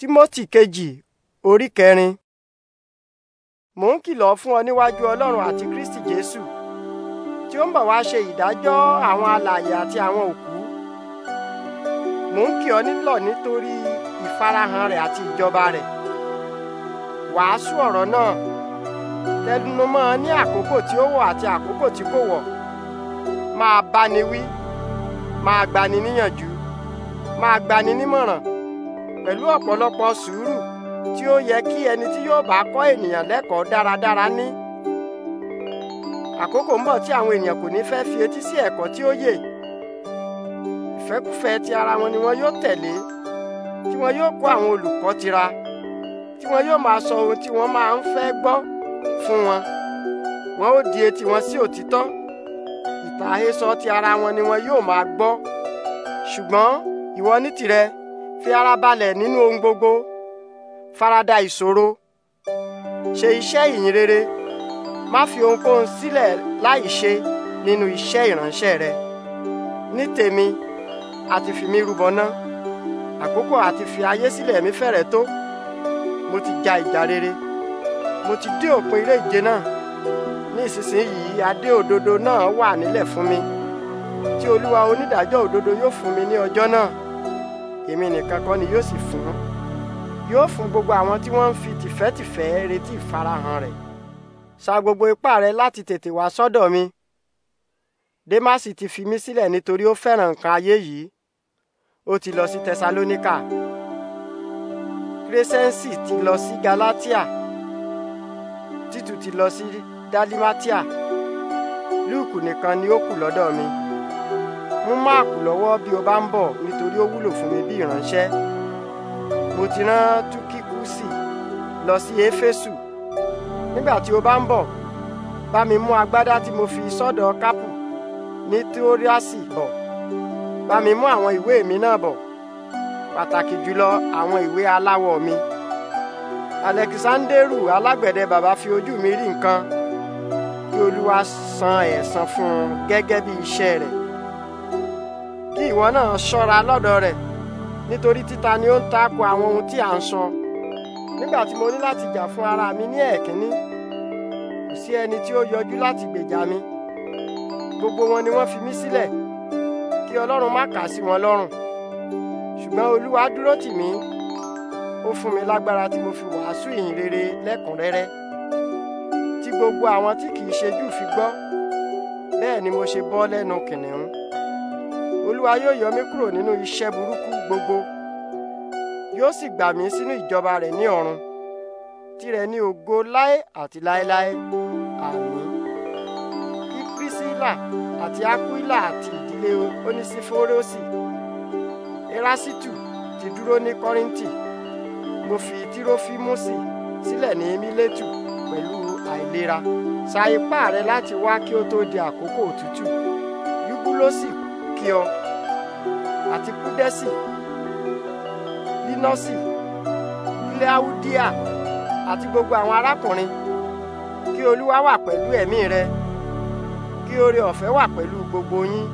Tímótì kejì orí kẹrin. Mò ń kìlọ̀ fún ọ níwájú Ọlọ́run àti Kristi Jésù tí ó ń bọ̀ wá ṣe ìdájọ́ àwọn alààyè àti àwọn òkú. Mò ń kì ọ nílọ̀ nítorí ìfarahàn rẹ̀ àti ìjọba rẹ̀. Wàásù ọ̀rọ̀ náà tẹnumọ́ ní àkókò tí ó wọ̀ àti àkókò tí kò wọ̀. Máa báni wí, máa gbani níyànjú, máa gbani nímọ̀ràn pẹ̀lú ọ̀pọ̀lọpọ̀ sùúrù tí ó yẹ kí ẹni tí yóò bá kọ́ ènìyàn lẹ́kọ̀ọ́ dáradára ní. àkókò ń bọ̀ tí àwọn ènìyàn kò ní fẹ́ fi etí sí ẹ̀kọ́ tí ó yè ìfẹ́kúfẹ́ ti ara wọn ni wọn yóò tẹ̀lé tí wọn yóò kó àwọn olùkọ́ tira tí wọn yóò máa sọ ohun tí wọ́n máa ń fẹ́ gbọ́ fún wọn wọn ó di etí wọn sí òtítọ́ ìtàhésọ ti ara wọn ni wọn yóò máa gbọ́ ṣùgbọ́n ìwọ ní tìrẹ fi ara balẹ̀ nínú ohun gbogbo farada ìṣòro ṣe iṣẹ́ ìyìn rere má fi ohunkóhun sílẹ̀ láì ṣe nínú iṣẹ́ ìránṣẹ́ rẹ ní tèmi àti fi mí rúbọ ná àkókò àti fi ayé sílẹ̀ mi fẹ́rẹ̀ tó mo ti ja ìjà rere mo ti dé òpin eré ìje náà ní ìsinsìnyí adé òdodo náà wà nílẹ̀ fún mi tí olúwa onídàájọ́ òdodo yóò fún mi ní ọjọ́ náà èmi nìkan kọ́ ni yóò sì fún yóò fún gbogbo àwọn tí wọ́n ń fi tìfẹ́tìfẹ́ retí ìfarahàn rẹ̀ sa gbogbo ipá rẹ láti tètè wá sọ́dọ̀ mi Démásì ti fi mí sílẹ̀ nítorí ó fẹ́ràn nǹkan ayé yìí ó ti lọ sí Tẹsalóníkà Kírẹ́sẹ́ńsì ti lọ sí Galatia Títù ti lọ sí Dálímátíà Lúùkù nìkan ni ó kù lọ́dọ̀ mi mú máàpù lọ́wọ́ bí o bá ń bọ̀ nítorí ó wúlò fún mi bí ìránṣẹ́ mo ti rán túkìkúsì lọ sí éfésù nígbà tí o bá ń bọ̀ bá mi mú agbádá tí mo fi sọ́dọ̀ kápù ní tíóríàsì bọ̀ bá mi mú àwọn ìwé mi náà bọ̀ pàtàkì jùlọ àwọn ìwé aláwọ̀ mi alẹ́kisándérù alágbẹ̀dẹ bàbá fi ojú mi rí nǹkan kí olúwa san ẹ̀san fún un gẹ́gẹ́ bí iṣẹ́ rẹ̀ ìwọ náà ṣọ́ra lọ́dọ̀ rẹ̀ nítorí títa ni ó ń tako àwọn ohun tí à ń sọ nígbà tí mo ní láti jà fún ara mi ní ẹ̀kínní kò sí ẹni tí ó yọjú láti gbèjà mi gbogbo wọn ni wọ́n fi mí sílẹ̀ kí Ọlọ́run má kà sí wọn lọ́rùn ṣùgbọ́n Olúwa dúró tì mí ó fún mi lágbára tí mo fi wàásù ìyìn rere lẹ́kùnrẹ́rẹ́ tí gbogbo àwọn tí kì í ṣe Júù fi gbọ́ bẹ́ẹ̀ ni mo ṣe bọ́ lẹ́nu kìnìún olúwa yóò yọ mí kúrò nínú iṣẹ́ burúkú gbogbo yóò sì gbà mí sínú ìjọba rẹ̀ ní ọ̀run tirẹ̀ ní ògo láé àti láéláé àmín kí Pírísílà àti Ákúílà àti ìdílé Onísífórósì Erásítù ti dúró ní Kọ́ríńtì mo fi Tírófímùsì sílẹ̀ ní Mílétù pẹ̀lú àìlera sa ipá rẹ láti wá kí ó tó di àkókò òtútù Yúbúlósì kí ọ àti kúdẹ́sì línọ́sì kíláúdíà àti gbogbo àwọn arákùnrin kí olúwa wà pẹ̀lú ẹ̀mí rẹ kí oore ọ̀fẹ́ wà pẹ̀lú gbogbo yín.